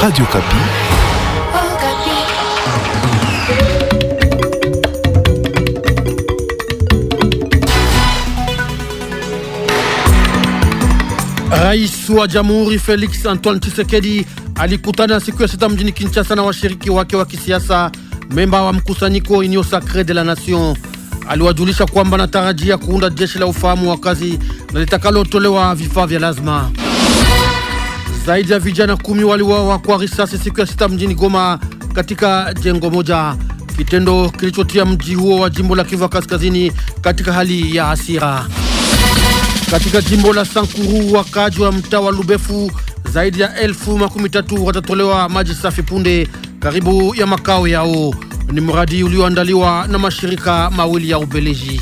Radio Kapi. Rais wa Jamhuri Felix Antoine Tshisekedi alikutana siku ya sita mjini Kinshasa na washiriki wake wa kisiasa memba wa mkusanyiko Union Sacre de la Nation. Aliwajulisha kwamba anatarajia kuunda jeshi la ufahamu wa kazi na litakalotolewa vifaa vya lazima. Zaidi ya vijana kumi waliwawa kwa risasi siku ya sita mjini Goma katika jengo moja, kitendo kilichotia mji huo wa jimbo la Kivu Kaskazini katika hali ya hasira. Katika jimbo la Sankuru, wakaaji wa mtaa wa Lubefu zaidi ya elfu makumi tatu watatolewa maji safi punde karibu ya makao yao. Ni mradi ulioandaliwa na mashirika mawili ya Ubeleji.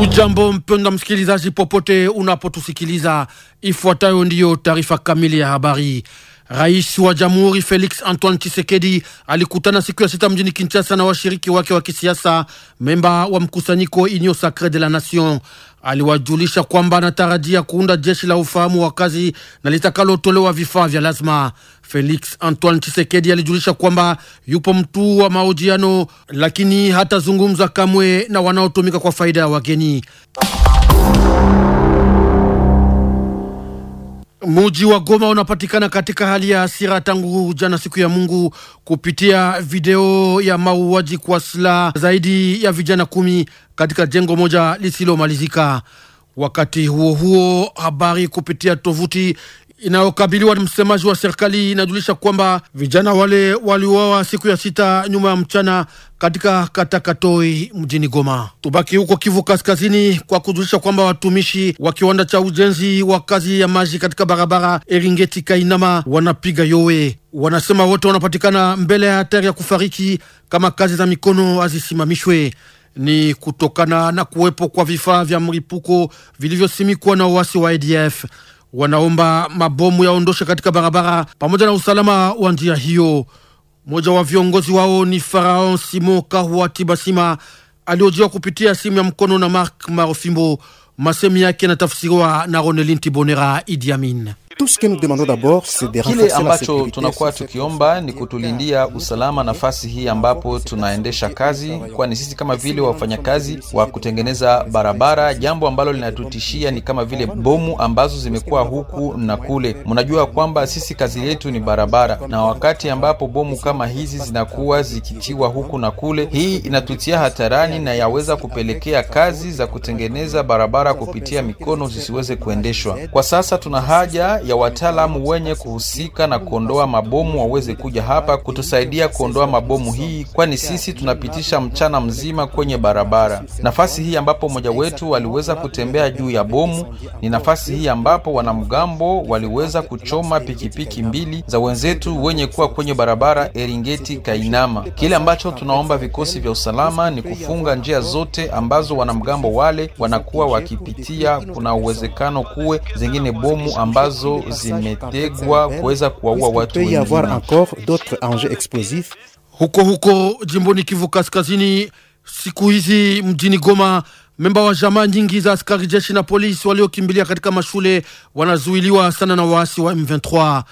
Ujambo mpenda msikilizaji, popote unapotusikiliza, ifuatayo ndiyo taarifa kamili ya habari. Rais wa Jamhuri Felix Antoine Tshisekedi alikutana siku ya sita mjini Kinshasa na washiriki wake wa kisiasa, memba wa mkusanyiko Union Sacre de la Nation aliwajulisha kwamba anatarajia kuunda jeshi la ufahamu wa kazi na litakalotolewa vifaa vya lazima. Felix Antoine Chisekedi alijulisha kwamba yupo mtu wa mahojiano, lakini hatazungumza kamwe na wanaotumika kwa faida ya wageni. Muji wa Goma unapatikana katika hali ya hasira tangu jana siku ya Mungu kupitia video ya mauaji kwa silaha zaidi ya vijana kumi katika jengo moja lisilomalizika. Wakati huo huo, habari kupitia tovuti inayokabiliwa na msemaji wa serikali inajulisha kwamba vijana wale waliuawa siku ya sita nyuma ya mchana katika kata Katoi mjini Goma. Tubaki huko Kivu Kaskazini kwa kujulisha kwamba watumishi wa kiwanda cha ujenzi wa kazi ya maji katika barabara Eringeti Kainama wanapiga yowe. Wanasema wote wanapatikana mbele ya hatari ya kufariki kama kazi za mikono hazisimamishwe ni kutokana na kuwepo kwa vifaa vya mlipuko vilivyosimikwa na uasi wa ADF wanaomba mabomu yaondoshwe katika barabara pamoja na usalama wa njia hiyo. Mmoja wa viongozi wao ni Faraon Simon Kahwa Tibasima aliojiwa kupitia simu ya mkono na Mark Marofimbo. Masemi yake yanatafsiriwa na Ronelin Tibonera Idi Amin. Kile ambacho tunakuwa tukiomba ni kutulindia usalama nafasi hii ambapo tunaendesha kazi, kwani sisi kama vile wafanyakazi wa kutengeneza barabara, jambo ambalo linatutishia ni kama vile bomu ambazo zimekuwa huku na kule. Mnajua kwamba sisi kazi yetu ni barabara, na wakati ambapo bomu kama hizi zinakuwa zikitiwa huku na kule, hii inatutia hatarani na yaweza kupelekea kazi za kutengeneza barabara kupitia mikono zisiweze kuendeshwa. Kwa sasa tuna haja ya ya wataalamu wenye kuhusika na kuondoa mabomu waweze kuja hapa kutusaidia kuondoa mabomu hii, kwani sisi tunapitisha mchana mzima kwenye barabara. Nafasi hii ambapo mmoja wetu waliweza kutembea juu ya bomu ni nafasi hii ambapo wanamgambo waliweza kuchoma pikipiki mbili za wenzetu wenye kuwa kwenye barabara Eringeti Kainama. Kile ambacho tunaomba vikosi vya usalama ni kufunga njia zote ambazo wanamgambo wale wanakuwa wakipitia. Kuna uwezekano kuwe zingine bomu ambazo hizo zimetegwa kuweza watu avoir encore d'autres enjeux explosifs. Huko huko jimboni Kivu Kaskazini, siku hizi mjini Goma, memba wa jamaa nyingi za askari jeshi na polisi waliokimbilia katika mashule wanazuiliwa sana na waasi wa M23.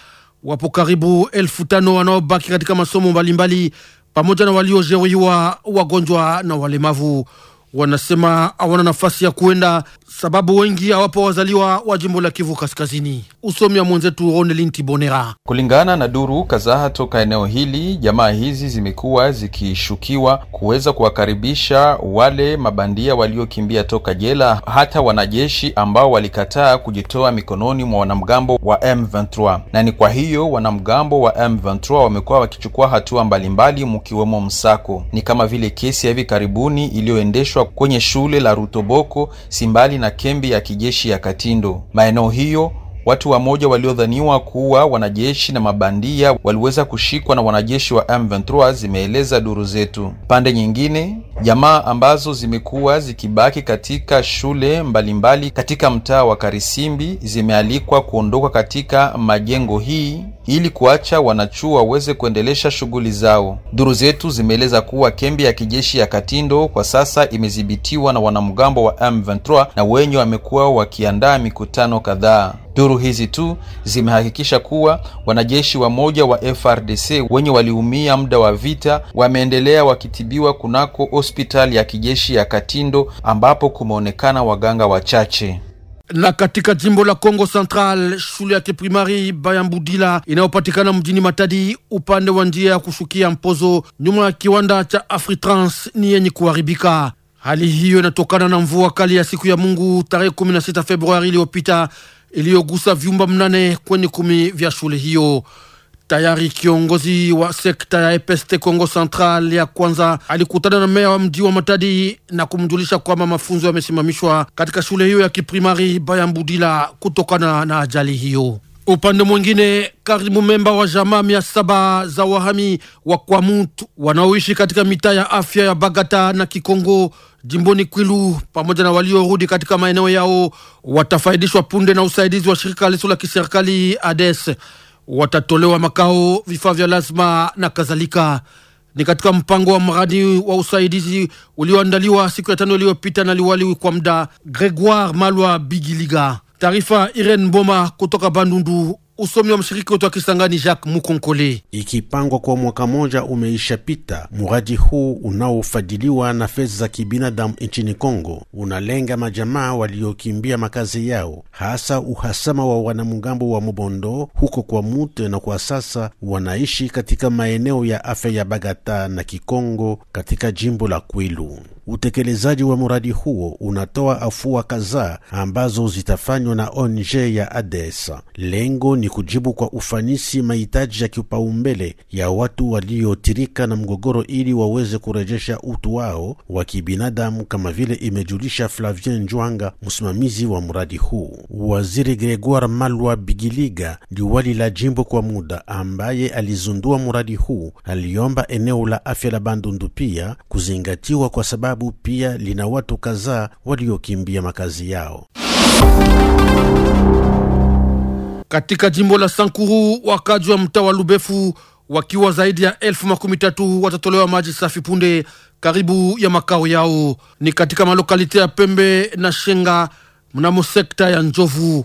Wapo karibu elfu tano wanaobaki katika masomo mbalimbali pamoja na waliojeruhiwa, wagonjwa na walemavu. Wanasema hawana nafasi ya kuenda sababu wengi hawapo wazaliwa wa jimbo la Kivu Kaskazini. Usomi wa mwenzetu Ronelin Tibonera. Kulingana na duru kadhaa toka eneo hili, jamaa hizi zimekuwa zikishukiwa kuweza kuwakaribisha wale mabandia waliokimbia toka jela, hata wanajeshi ambao walikataa kujitoa mikononi mwa wanamgambo wa M23, na ni kwa hiyo wanamgambo wa M23 wamekuwa wakichukua hatua mbalimbali, mkiwemo msako. Ni kama vile kesi ya hivi karibuni iliyoendeshwa kwenye shule la Rutoboko Simbali na kembi ya kijeshi ya Katindo. Maeneo hiyo watu wamoja waliodhaniwa kuwa wanajeshi na mabandia waliweza kushikwa na wanajeshi wa M23, zimeeleza duru zetu. Pande nyingine, jamaa ambazo zimekuwa zikibaki katika shule mbalimbali mbali katika mtaa wa Karisimbi zimealikwa kuondoka katika majengo hii ili kuacha wanachuo waweze kuendelesha shughuli zao. Duru zetu zimeeleza kuwa kembi ya kijeshi ya Katindo kwa sasa imedhibitiwa na wanamgambo wa M23 na wenye wamekuwa wakiandaa mikutano kadhaa. Duru hizi tu zimehakikisha kuwa wanajeshi wamoja wa FRDC wenye waliumia muda wa vita wameendelea wakitibiwa kunako hospitali ya kijeshi ya Katindo ambapo kumeonekana waganga wachache. Na katika jimbo la Kongo Central, shule ya kiprimari Bayambudila inayopatikana mjini Matadi upande wa njia ya kushukia Mpozo nyuma ya kiwanda cha Afritrans ni yenye kuharibika. Hali hiyo inatokana na mvua kali ya siku ya Mungu tarehe 16 Februari iliyopita iliyogusa vyumba mnane kwenye kumi vya shule hiyo. Tayari kiongozi wa sekta ya EPST Kongo Central ya kwanza alikutana na meya wa mji wa Matadi na kumjulisha kwamba mafunzo yamesimamishwa katika shule hiyo ya kiprimari Bayambudila kutokana na ajali hiyo. Upande mwingine, karibu memba wa jamaa mia saba za wahami wa Kwamut wanaoishi katika mitaa ya afya ya Bagata na Kikongo jimboni Kwilu pamoja na waliorudi katika maeneo yao watafaidishwa punde na usaidizi wa shirika lisilo la kiserikali ADES watatolewa makao, vifaa vya lazima na kadhalika. Ni katika mpango wa mradi wa usaidizi ulioandaliwa siku ya tano iliyopita na liwali kwa muda Gregoire Malwa Bigiliga. Taarifa Irene Mboma kutoka Bandundu usomi wa mshiriki wetu wa Kisangani Jacques Mukonkole. Ikipangwa kwa mwaka moja umeishapita, mradi huu unaofadhiliwa na fedha za kibinadamu nchini Kongo unalenga majamaa waliokimbia makazi yao, hasa uhasama wa wanamgambo wa Mobondo huko kwa Mute, na kwa sasa wanaishi katika maeneo ya afya ya Bagata na Kikongo katika jimbo la Kwilu. Utekelezaji wa mradi huo unatoa afua kadhaa ambazo zitafanywa na ONG ya ADES. Lengo ni kujibu kwa ufanisi mahitaji ya kipaumbele ya watu waliotirika na mgogoro ili waweze kurejesha utu wao wa kibinadamu, kama vile imejulisha Flavien Njwanga, msimamizi wa mradi huu. Waziri Gregoire Malwa Bigiliga, liwali la jimbo kwa muda, ambaye alizundua mradi huu, aliomba eneo la afya la Bandundu pia kuzingatiwa kwa sababu sababu pia lina watu kadhaa waliokimbia makazi yao. Katika jimbo la Sankuru, wakaji wa mtaa wa Lubefu wakiwa zaidi ya elfu makumi tatu watatolewa maji safi punde karibu ya makao yao, ni katika malokalite ya Pembe na Shenga mnamo sekta ya Njovu.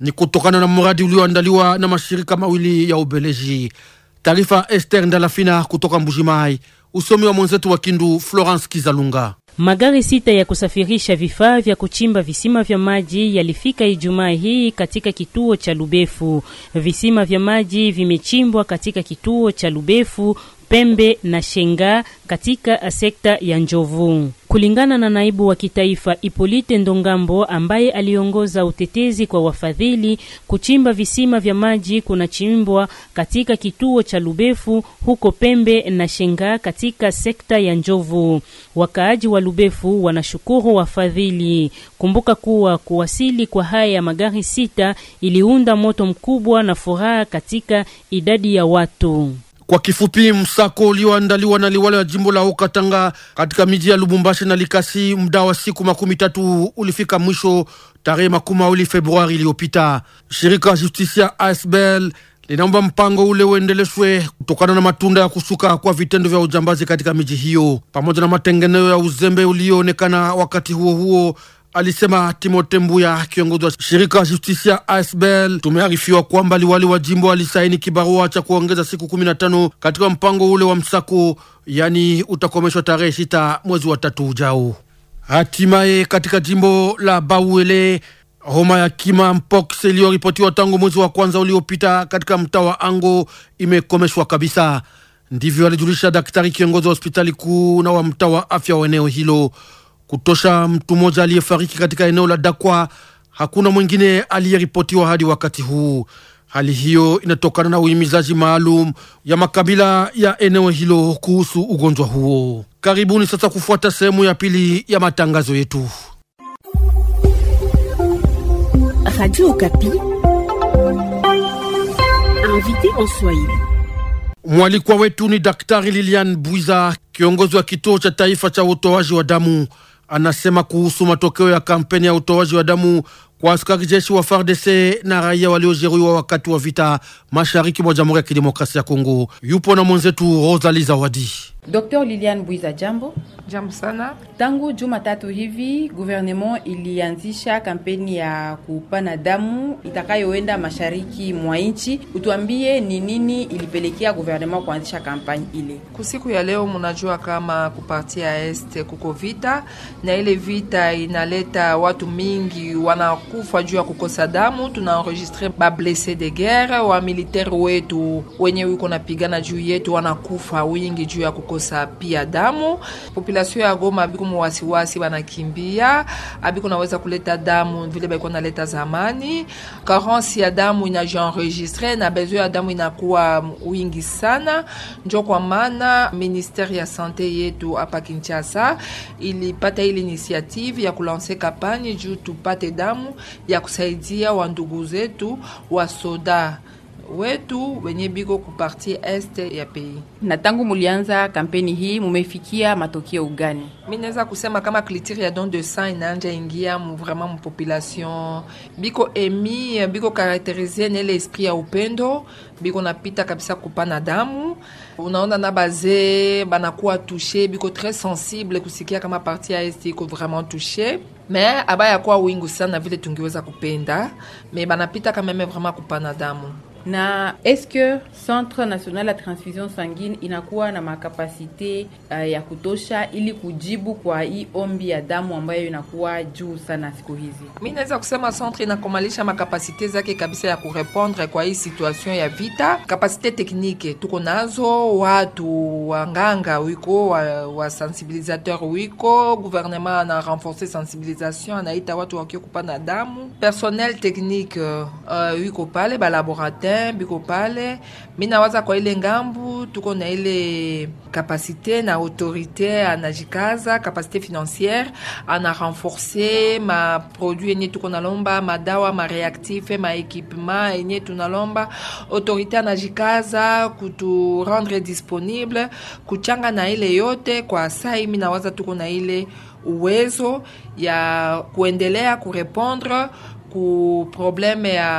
Ni kutokana na mradi ulioandaliwa na mashirika mawili ya Ubeleji. Taarifa Esther Ndalafina kutoka Mbujimai. Usomi wa mwenzetu wa Kindu, Florence Kizalunga. Magari sita ya kusafirisha vifaa vya kuchimba visima vya maji yalifika Ijumaa hii katika kituo cha Lubefu. Visima vya maji vimechimbwa katika kituo cha Lubefu, Pembe na Shenga katika sekta ya Njovu. Kulingana na naibu wa kitaifa Ipolite Ndongambo ambaye aliongoza utetezi kwa wafadhili, kuchimba visima vya maji kunachimbwa katika kituo cha Lubefu huko Pembe na Shenga katika sekta ya Njovu. Wakaaji wa Lubefu wanashukuru wafadhili. Kumbuka kuwa kuwasili kwa haya ya magari sita iliunda moto mkubwa na furaha katika idadi ya watu. Kwa kifupi, msako ulioandaliwa na liwali wa jimbo la okatanga katika miji ya Lubumbashi na Likasi muda wa siku makumi tatu ulifika mwisho tarehe makumi mawili Februari iliyopita. Shirika Justisia Asbel linaomba mpango ule uendeleshwe kutokana na matunda ya kushuka kwa vitendo vya ujambazi katika miji hiyo pamoja na matengeneo ya uzembe ulioonekana wakati huo huo alisema Timote Mbuya, kiongozi wa shirika Justisia Asbel. Tumearifiwa kwamba liwali wa jimbo alisaini kibarua cha kuongeza siku 15 katika mpango ule wa msako, yani utakomeshwa tarehe sita mwezi wa tatu ujao. Hatimaye katika jimbo la Bauele homa ya kima mpox iliyoripotiwa tangu mwezi wa kwanza uliopita katika mtaa wa Ango imekomeshwa kabisa. Ndivyo alijulisha daktari kiongozi wa hospitali kuu na wa mtaa wa afya wa eneo hilo kutosha mtu mmoja aliyefariki katika eneo la Dakwa. Hakuna mwingine aliyeripotiwa hadi wakati huu. Hali hiyo inatokana na uhimizaji maalum ya makabila ya eneo hilo kuhusu ugonjwa huo. Karibuni sasa kufuata sehemu ya pili ya matangazo yetu. Mwalikwa wetu ni Daktari Lilian Bwiza, kiongozi wa kituo cha taifa cha utoaji wa damu anasema kuhusu matokeo ya kampeni ya utoaji wa damu kwa askari jeshi wa FARDC na raia waliojeruhiwa wakati wa vita mashariki mwa Jamhuri ya Kidemokrasia ya Kongo. Yupo na mwenzetu Rosalie Zawadi. Dr. Lilian Buiza, jambo. Jambo sana. Tangu Jumatatu hivi gouvernement ilianzisha kampeni ya kupana damu itakayoenda mashariki mwa nchi. Utuambie ni nini ilipelekea gouvernement kuanzisha kampani ile? Kusiku ya leo, mnajua kama kupartia este kuko vita, na ile vita inaleta watu mingi wanakufa juu ya kukosa damu. Tunaenregistre ba blesse de guerre wa militaire wetu wenye wiko napigana juu yetu, wanakufa wingi juu ya kukosa kukosa pia damu. Population ya Goma abiko muwasiwasi, banakimbia abiko naweza kuleta damu vile baiko naleta zamani. Carence ya damu inajienregistre na bezo ya damu inakuwa wingi sana, njo kwa maana ministeri ya sante yetu hapa Kinshasa ilipata ile initiative ya kulanse kampanye juu tupate damu ya kusaidia wandugu zetu wa soda wetu wenye biko kupartie este ya pei. Na tangu mulianza kampeni hii mumefikia matokeo gani? Mi naweza kusema kama klitiri ya don de sang inaanja ingia mu vraiment mu population biko emi biko karakterize nele esprit ya upendo biko napita kabisa kupana damu. Unaona na bazee banakuwa tushe biko tres sensible kusikia kama parti ya este iko vraiment tushe me abaya kuwa wingu sana vile tungiweza kupenda me banapita kameme vraiment kupana damu na eske Centre National la Transfusion Sanguine inakuwa na makapasite uh, ya kutosha ili kujibu kwa hii ombi ya damu ambayo inakuwa juu sana siku hizi. Mimi naweza kusema centre inakomalisha makapasite zake kabisa ya kurepondre kwa hii situation ya vita. Kapasite teknike tuko nazo, watu wanganga wiko wa, wa sensibilisateur wiko, gouvernement ana renforce sensibilisation, anaita watu wakio kupana damu, personnel technique uh, wiko pale ba bien biko pale. Mi nawaza kwa ile ngambu tuko na ile kapasite na autorite anajikaza, kapasite financiere ana renforce ma produit yenye tuko nalomba, madawa ma reactive ma equipement yenye tunalomba. Autorite anajikaza kutu rendre disponible kuchanga na ile yote. Kwa sai mi nawaza tuko na ile uwezo ya kuendelea kurepondre kuprobleme ya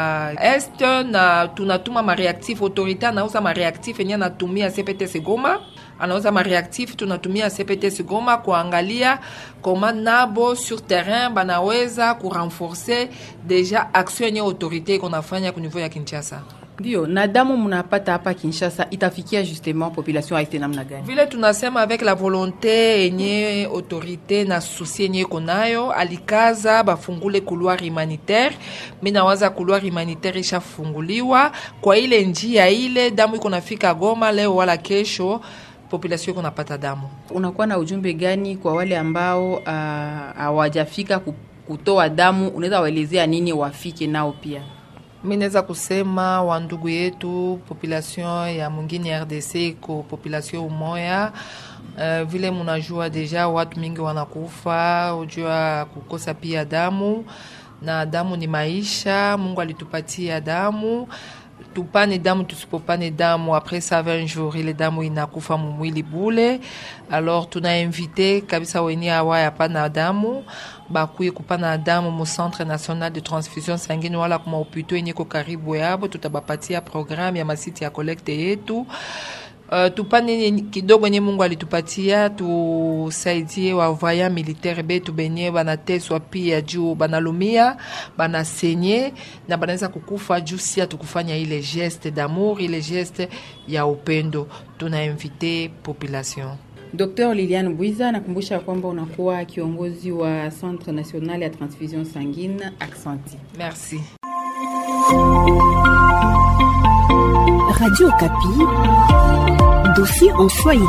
este na tunatuma mareactif autorité anauza mareactif enye anatumia CPTC Goma anauza mareactif tunatumia CPTC Goma kuangalia koma nabo sur terrain banaweza kurenforce deja action yenye autorité iko nafanya ku ya Kinshasa. Ndio, na damu mnapata hapa Kinshasa itafikia justement population haiti namna gani? Vile tunasema avec la volonté yenye autorité na susi yenye konayo alikaza bafungule couloir humanitaire. Mimi nawaza couloir humanitaire ishafunguliwa kwa ile njia ile, damu iko nafika Goma leo wala kesho population iko napata damu. Unakuwa na ujumbe gani kwa wale ambao ah, hawajafika uh, kutoa damu? Unaweza waelezea nini wafike nao pia? Mi naweza kusema ndugu yetu population ya mwingine RDC iko population umoya. Uh, vile munajua deja watu mingi wanakufa, ujua kukosa pia damu na damu ni maisha. Mungu alitupatia damu tupane damu tusipopane damu après ça jours ile damu inakufa mumwili bule. Alors tunainvite kabisa wenye awaya pana damu bakuye kupana damu au Centre National de Transfusion Sanguine wala kuma upito yenye tout karibu yabo, tutabapatia programme ya masiti ya kolekte yetu Uh, tupande kidogo Mungu alitupatia tusaidie militaire betu benye juu banalumia, na banaweza kukufa juu si geste d'amour, ile geste ya upendo. population. docteur Liliane Buiza, nakumbusha kwamba unakuwa kiongozi wa Centre National Transfusion Sanguine Accenti. Merci. Radio Kapi, dossier en Swahili.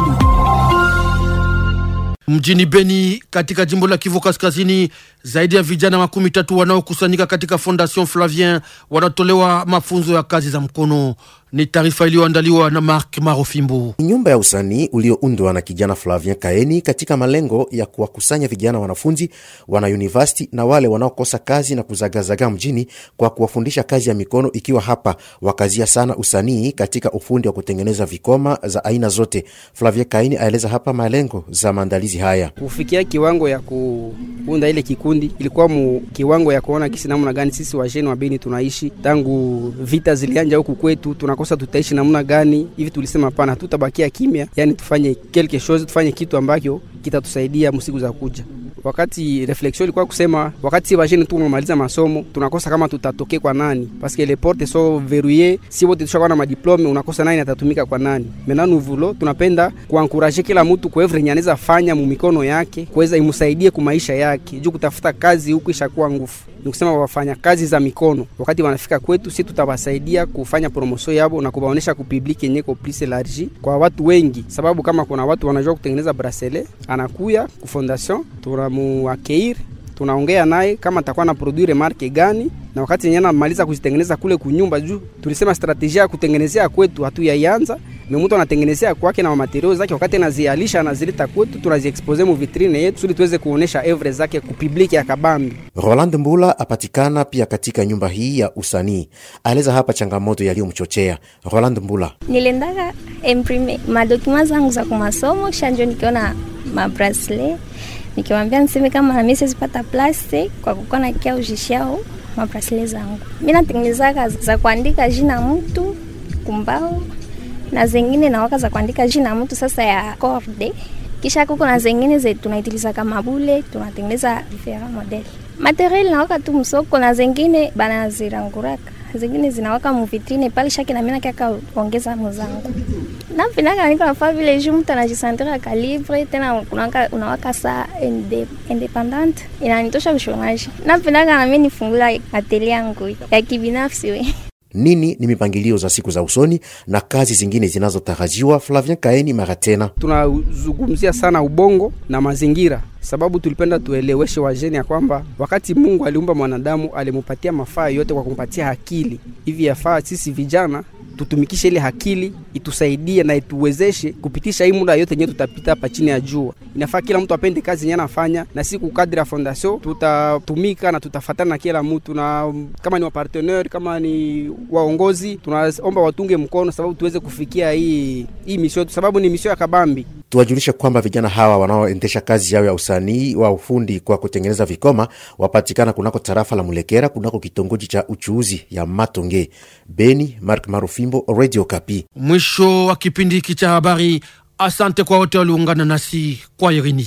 Mjini Beni katika jimbo la Kivu Kaskazini, zaidi ya vijana makumi tatu wanaokusanyika katika Fondation Flavien wanatolewa mafunzo ya kazi za mkono. Ni taarifa iliyoandaliwa na Mark Marofimbu. Nyumba ya usanii ulioundwa na kijana Flavien Kaeni katika malengo ya kuwakusanya vijana wanafunzi wana university na wale wanaokosa kazi na kuzagazaga mjini kwa kuwafundisha kazi ya mikono, ikiwa hapa wakazia sana usanii katika ufundi wa kutengeneza vikoma za aina zote. Flavien Kaeni aeleza hapa malengo za maandalizi haya. Kufikia kiwango ya kuunda ile kikundi ilikuwa mu kiwango ya kuona kisi namna gani sisi wajeni wabini tunaishi tangu vita zilianja huku kwetu tunako tunakosa tutaishi namna gani hivi? Tulisema hapana, hatutabakia kimya, yani tufanye quelque chose, tufanye kitu ambacho kitatusaidia msiku za kuja wakati reflexion ilikuwa kusema wakati si bajeni tu tunamaliza masomo tunakosa kama tutatoke kwa nani, paske le porte so verouille, si wote tushakuwa na madiplome, unakosa nani atatumika kwa nani. Mena nuvulo tunapenda kuankuraje kila mutu kuevre nyaneza fanya mumikono yake kuweza imsaidie kumaisha yake, juu kutafuta kazi huku ishakuwa ngufu nikusema wafanya kazi za mikono wakati wanafika kwetu, si tutawasaidia kufanya promosio yabo na kubaonesha kupublike nyeko plus large kwa watu wengi, sababu kama kuna watu wanajua kutengeneza brasele, anakuya ku fondation tuna mu akeir tunaongea naye kama atakuwa na produire marke gani na wakati yenyewe anamaliza kuzitengeneza kule kunyumba. Juu tulisema strategia ya kutengenezea kwetu hatuyaianza, ni mtu anatengenezea kwake na materials zake, wakati anazialisha na anazileta kwetu, tunaziexpose mu vitrine yetu ili tuweze kuonesha evre zake ku public ya kabambi. Roland Mbula apatikana pia katika nyumba hii ya usanii, aeleza hapa changamoto yaliyomchochea. Roland Mbula: nilendaga imprime madokima zangu za kumasomo kisha njo nikiona mabrasle nikiwaambia niseme kama nami sizipata plasti kwa kukuwa nakia uzhishao maprasile zangu. Mi natengenezaka za kuandika jina mtu kumbao na zengine nawaka za kuandika jina mtu sasa ya korde, kisha kuko na zengine ze tunaitiliza kama bule, tunatengeneza diferent model material nawaka tu msoko na zengine banaziranguraka zingine zinawaka muvitrine pale shaki na mimi kaka ongeza muzangu na pinaka niko nafa vile je centre anajisantra kalibre tena unawaka, unawaka saa independent inanitosha kushonaji na pinaka na mimi nifungula atelier yangu ya kibinafsi we nini ni mipangilio za siku za usoni na kazi zingine zinazotarajiwa. Flavien Kaeni tena tunazungumzia sana ubongo na mazingira, sababu tulipenda tueleweshe wajeni ya kwamba wakati Mungu aliumba mwanadamu alimupatia mafaa yote kwa kumpatia akili. Hivi yafaa sisi vijana tutumikishe ile hakili itusaidie na ituwezeshe kupitisha hii muda yote yenyewe tutapita hapa chini ya jua. Inafaa kila mtu apende kazi yenyewe anafanya, na si kukadri ya fondation tutatumika na tutafatana na kila mtu, na kama ni waparteneur, kama ni waongozi, tunaomba watunge mkono sababu tuweze kufikia hii hii misio yetu, sababu ni misio ya kabambi. Tuwajulishe kwamba vijana hawa wanaoendesha kazi yao ya usanii wa ufundi kwa kutengeneza vikoma wapatikana kunako tarafa la Mulekera, kunako kitongoji cha uchuuzi ya Matonge Beni. Mark Marufi Fimbo, Radio Kapi. Mwisho wa kipindi hiki cha habari. Asante kwa wote waliungana nasi kwa Irini.